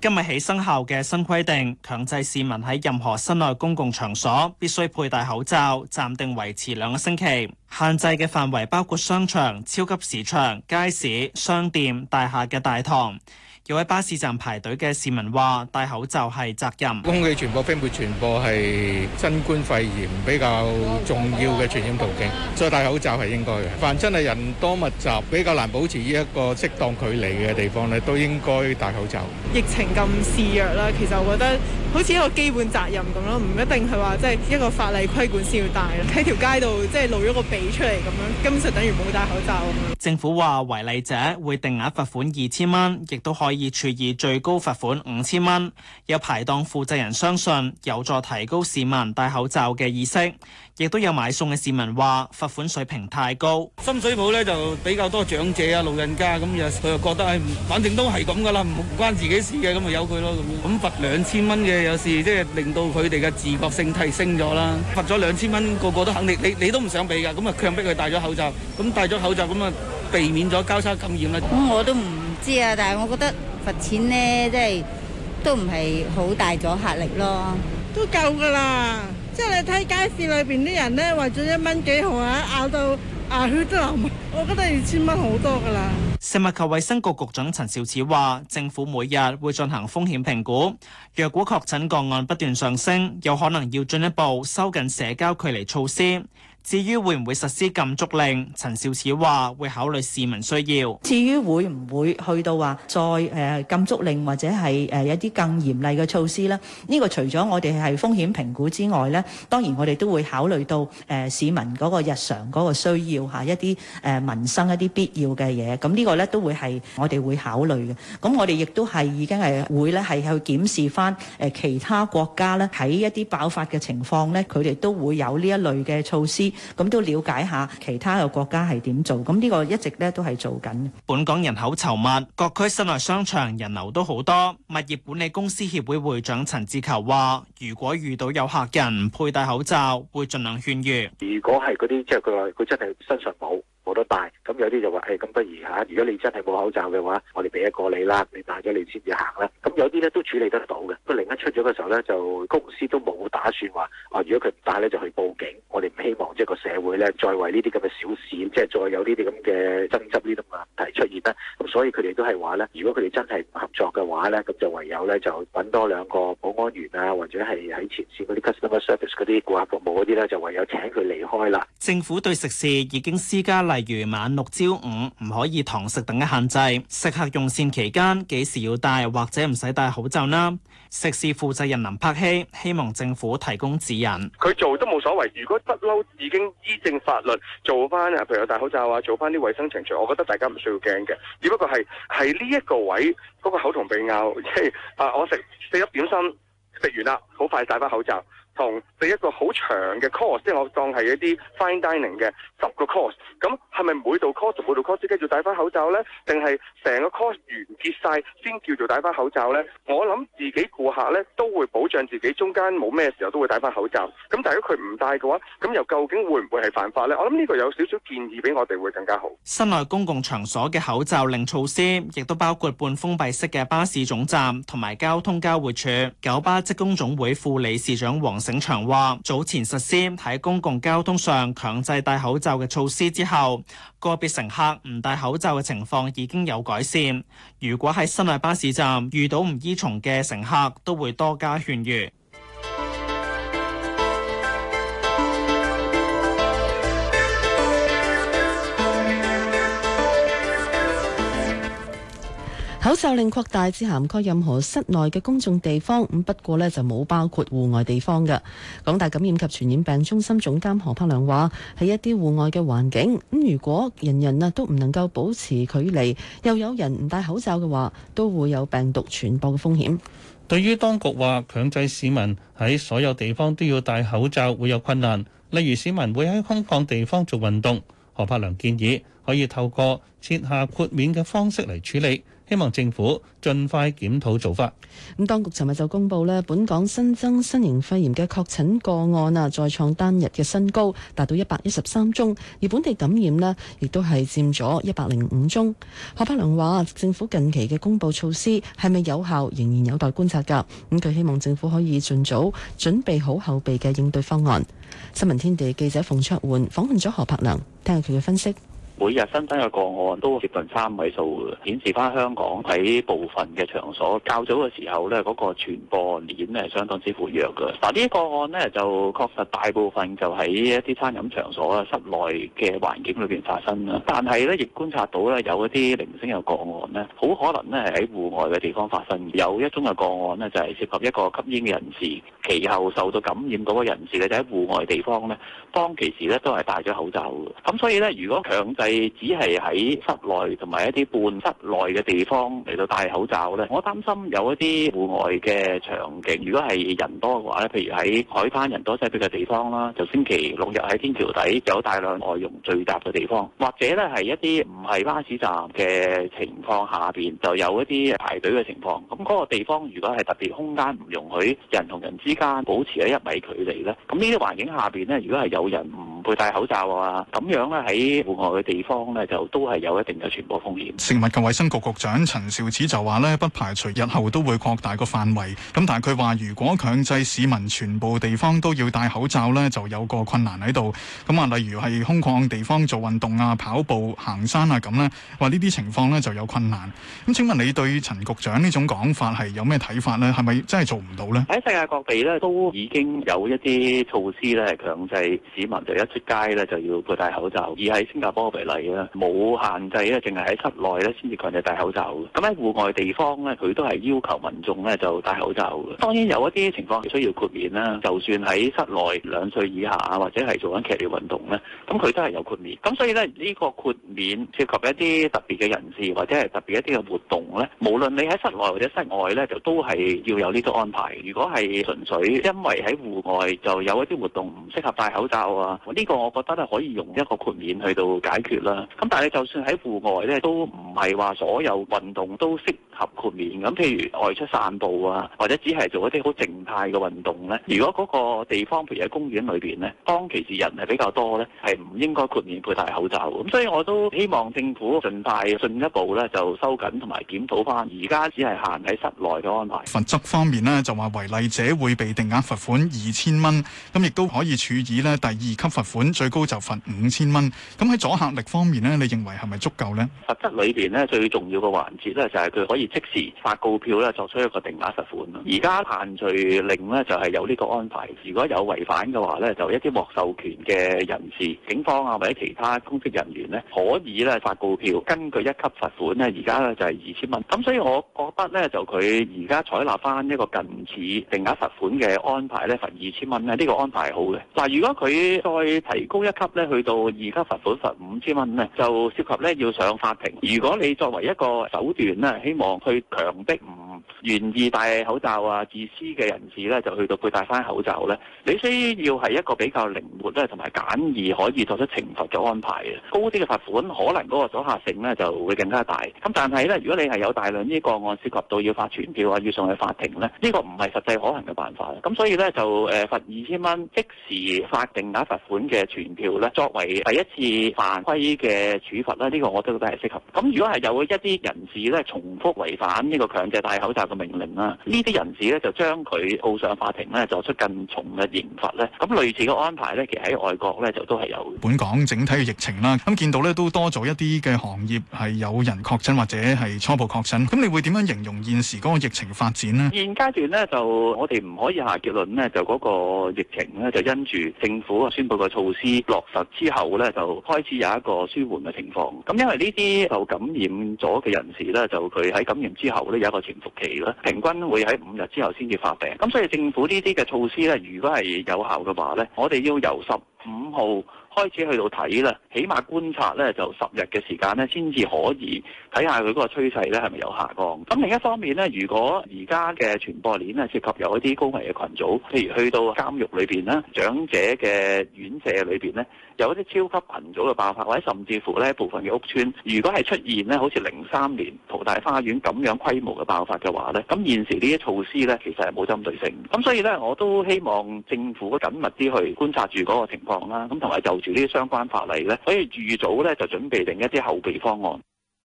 今日起生效嘅新規定，強制市民喺任何室內公共場所必須佩戴口罩，暫定維持兩個星期。限制嘅範圍包括商場、超級市場、街市、商店、大廈嘅大堂。有喺巴士站排隊嘅市民話戴口罩係責任。空氣傳播、飛沫傳播係新冠肺炎比較重要嘅傳染途徑，再戴口罩係應該嘅。凡真係人多密集、比較難保持依一個適當距離嘅地方咧，都應該戴口罩。疫情咁肆虐啦，其實我覺得好似一個基本責任咁咯，唔一定係話即係一個法例規管先要戴。喺條街度即係露咗個鼻出嚟咁樣，根本就等於冇戴口罩咁樣。政府話違例者會定額罰款二千蚊，亦都可以。而處以最高罰款五千蚊。有排檔負責人相信有助提高市民戴口罩嘅意識，亦都有買餸嘅市民話罰款水平太高。深水埗呢就比較多長者啊、老人家咁，又佢又覺得誒，反正都係咁噶啦，唔唔關自己事嘅，咁咪由佢咯。咁咁罰兩千蚊嘅，有時即係令到佢哋嘅自覺性提升咗啦。罰咗兩千蚊，個個都肯定你你都唔想俾噶，咁啊強逼佢戴咗口罩。咁戴咗口罩咁啊，避免咗交叉感染啦。咁我都唔知啊，但係我覺得罰錢呢，即係都唔係好大咗壓力咯，都夠噶啦。即係你睇街市裏邊啲人呢，為咗一蚊幾毫啊，咬到牙血都流，我覺得二千蚊好多噶啦。食物及衛生局局長陳肇始話，政府每日會進行風險評估，若果確診個案不斷上升，有可能要進一步收緊社交距離措施。至於會唔會實施禁足令？陳肇始話會考慮市民需要。至於會唔會去到話再誒禁足令，或者係誒有啲更嚴厲嘅措施咧？呢個除咗我哋係風險評估之外咧，當然我哋都會考慮到誒市民嗰個日常嗰個需要嚇一啲誒民生一啲必要嘅嘢。咁呢個咧都會係我哋會考慮嘅。咁我哋亦都係已經係會咧係去檢視翻誒其他國家咧喺一啲爆發嘅情況咧，佢哋都會有呢一類嘅措施。咁都了解下其他嘅國家係點做，咁呢個一直咧都係做緊。本港人口稠密，各區室內商場人流都好多。物業管理公司協會會長陳志球話，如果遇到有客人唔佩戴口罩，會盡量勸喻。如果係嗰啲即係佢話佢、就是、真係身上冇。我都戴，咁有啲就話，誒，咁不如吓，如果你真係冇口罩嘅話，我哋俾一個你啦，你戴咗你先至行啦。咁有啲咧都處理得到嘅。不過另一出咗嘅時候咧，就公司都冇打算話，哦，如果佢唔戴咧，就去報警。我哋唔希望即係個社會咧，再為呢啲咁嘅小事，即係再有呢啲咁嘅爭執呢啲咁嘅問題出現啦。咁所以佢哋都係話咧，如果佢哋真係唔合作嘅話咧，咁就唯有咧就搵多兩個保安員啊，或者係喺前綫嗰啲 customer service 嗰啲顧客服務嗰啲咧，就唯有請佢離開啦。政府對食肆已經施加嚟。例如晚六朝五唔可以堂食等嘅限制，食客用膳期間幾時要戴或者唔使戴口罩呢？食肆負責人林柏希希望政府提供指引。佢做都冇所謂，如果不嬲已經依正法律做翻，譬如，有戴口罩啊，做翻啲衛生程序，我覺得大家唔需要驚嘅。只不過係喺呢一個位嗰個口同鼻拗，即係啊，我食食一點心食完啦，好快戴翻口罩。同第一個好長嘅 course，即係我當係一啲 fine dining 嘅十個 course。咁係咪每度 course 每度 course 都要戴翻口罩呢？定係成個 course 完結晒先叫做戴翻口罩呢？我諗自己顧客呢都會保障自己，中間冇咩時候都會戴翻口罩。咁但係如果佢唔戴嘅話，咁又究竟會唔會係犯法呢？我諗呢個有少少建議俾我哋會更加好。室內公共場所嘅口罩令措施，亦都包括半封閉式嘅巴士總站同埋交通交匯處。九巴職工總會副理事長黃。整場話，早前實施喺公共交通上強制戴口罩嘅措施之後，個別乘客唔戴口罩嘅情況已經有改善。如果喺室內巴士站遇到唔依從嘅乘客，都會多加勸喻。口罩令擴大至涵蓋任何室內嘅公眾地方，咁不過呢就冇包括戶外地方嘅。港大感染及傳染病中心總監何柏良話：喺一啲戶外嘅環境咁，如果人人啊都唔能夠保持距離，又有人唔戴口罩嘅話，都會有病毒傳播嘅風險。對於當局話強制市民喺所有地方都要戴口罩會有困難，例如市民會喺空曠地方做運動，何柏良建議可以透過設下豁免嘅方式嚟處理。希望政府盡快檢討做法。咁當局尋日就公布咧，本港新增新型肺炎嘅確診個案啊，再創單日嘅新高，達到一百一十三宗。而本地感染呢，亦都係佔咗一百零五宗。何栢良話：政府近期嘅公佈措施係咪有效，仍然有待觀察㗎。咁佢希望政府可以盡早準備好後備嘅應對方案。新聞天地記者馮卓媛訪問咗何栢良，聽下佢嘅分析。每日新增嘅個案都接近三位數，顯示翻香港喺部分嘅場所較早嘅時候咧，嗰個傳播鏈咧相當之薄弱嘅。嗱，呢個案呢就確實大部分就喺一啲餐飲場所啊、室內嘅環境裏邊發生啦。但係咧，亦觀察到咧有一啲零星嘅個案呢，好可能咧係喺戶外嘅地方發生。有一宗嘅個案呢，就係涉及一個吸煙嘅人士，其後受到感染嗰個人士就喺戶外的地方咧，當其時咧都係戴咗口罩嘅。咁所以咧，如果強制係只係喺室內同埋一啲半室內嘅地方嚟到戴口罩咧，我擔心有一啲戶外嘅場景，如果係人多嘅話咧，譬如喺海灘人多擠逼嘅地方啦，就星期六日喺天橋底有大量外傭聚集嘅地方，或者咧係一啲唔係巴士站嘅情況下邊，就有一啲排隊嘅情況。咁、那、嗰個地方如果係特別空間唔容許人同人之間保持喺一米距離呢，咁呢啲環境下邊呢，如果係有人唔會戴口罩啊！咁樣咧喺戶外嘅地方呢，就都係有一定嘅傳播風險。食物及衞生局局長陳肇始就話呢，不排除日後都會擴大個範圍。咁但係佢話，如果強制市民全部地方都要戴口罩呢，就有個困難喺度。咁啊，例如係空曠地方做運動啊、跑步、行山啊咁呢，話呢啲情況呢就有困難。咁請問你對陳局長呢種講法係有咩睇法呢？係咪真係做唔到呢？喺世界各地呢，都已經有一啲措施呢係強制市民就一街咧就要佩戴口罩，而喺新加坡為例咧，冇限制咧，淨係喺室內咧先至強制戴口罩。咁喺戶外地方咧，佢都係要求民眾咧就戴口罩。當然有一啲情況需要豁免啦，就算喺室內兩歲以下或者係做緊劇烈運動咧，咁佢都係有豁免。咁所以咧，呢個豁免涉及一啲特別嘅人士或者係特別一啲嘅活動咧，無論你喺室內或者室外咧，就都係要有呢個安排。如果係純粹因為喺戶外就有一啲活動唔適合戴口罩啊，呢？這個我覺得咧可以用一個豁免去到解決啦，咁但係就算喺戶外咧都唔。唔係話所有運動都適合豁免咁，譬如外出散步啊，或者只係做一啲好靜態嘅運動咧。如果嗰個地方譬如喺公園裏邊咧，當其時人係比較多咧，係唔應該豁免佩戴口罩嘅。咁所以我都希望政府盡快進一步咧就收緊同埋檢討翻，而家只係限喺室內嘅安排。罰則方面咧就話違例者會被定額罰款二千蚊，咁亦都可以處以咧第二級罰款，最高就罰五千蚊。咁喺阻嚇力方面咧，你認為係咪足夠咧？罰則裏邊。咧最重要嘅環節咧，就係佢可以即時發告票咧，作出一個定額罰款。而家限聚令咧，就係有呢個安排。如果有違反嘅話咧，就一啲獲授權嘅人士、警方啊，或者其他公職人員咧，可以咧發告票，根據一級罰款咧，而家咧就係二千蚊。咁所以我覺得咧，就佢而家採納翻一個近似定額罰款嘅安排咧，罰二千蚊咧，呢個安排係好嘅。嗱，如果佢再提高一級咧，去到二級罰款罰五千蚊咧，就涉及咧要上法庭。如果你作為一個手段咧，希望去強迫。願意戴口罩啊！自私嘅人士咧，就去到佢戴翻口罩咧。你需要係一個比較靈活咧，同埋簡易可以作出懲罰嘅安排嘅。高啲嘅罰款，可能嗰個阻嚇性咧就會更加大。咁但係咧，如果你係有大量呢個案涉及到要發傳票啊，要送去法庭咧，呢個唔係實際可行嘅辦法。咁所以咧，就誒罰二千蚊，呃、即時發定額罰款嘅傳票咧，作為第一次犯規嘅處罰咧，呢個我都覺得係適合。咁如果係有一啲人士咧，重複違反呢個強制戴口罩，嘅命令啦，呢啲人士咧，就將佢告上法庭咧，作出更重嘅刑罰咧。咁類似嘅安排咧，其實喺外國咧就都係有。本港整體嘅疫情啦，咁見到咧都多咗一啲嘅行業，係有人確診或者係初步確診。咁你會點樣形容現時嗰個疫情發展呢？現階段咧，就我哋唔可以下結論呢，就嗰個疫情咧就因住政府宣布嘅措施落實之後咧，就開始有一個舒緩嘅情況。咁因為呢啲就感染咗嘅人士咧，就佢喺感染之後咧有一個潛伏期。平均會喺五日之後先至發病，咁所以政府呢啲嘅措施咧，如果係有效嘅話咧，我哋要由十五號。開始去到睇啦，起碼觀察咧就十日嘅時間咧，先至可以睇下佢嗰個趨勢咧係咪有下降。咁另一方面咧，如果而家嘅傳播鏈咧涉及有一啲高危嘅群組，譬如去到監獄裏邊啦、長者嘅院舍裏邊咧，有一啲超級群組嘅爆發，或者甚至乎咧部分嘅屋邨，如果係出現咧好似零三年淘大花園咁樣規模嘅爆發嘅話咧，咁現時呢啲措施咧其實係冇針對性。咁所以咧我都希望政府緊密啲去觀察住嗰個情況啦，咁同埋就。呢啲相關法例咧，所以預早咧就準備定一啲後備方案。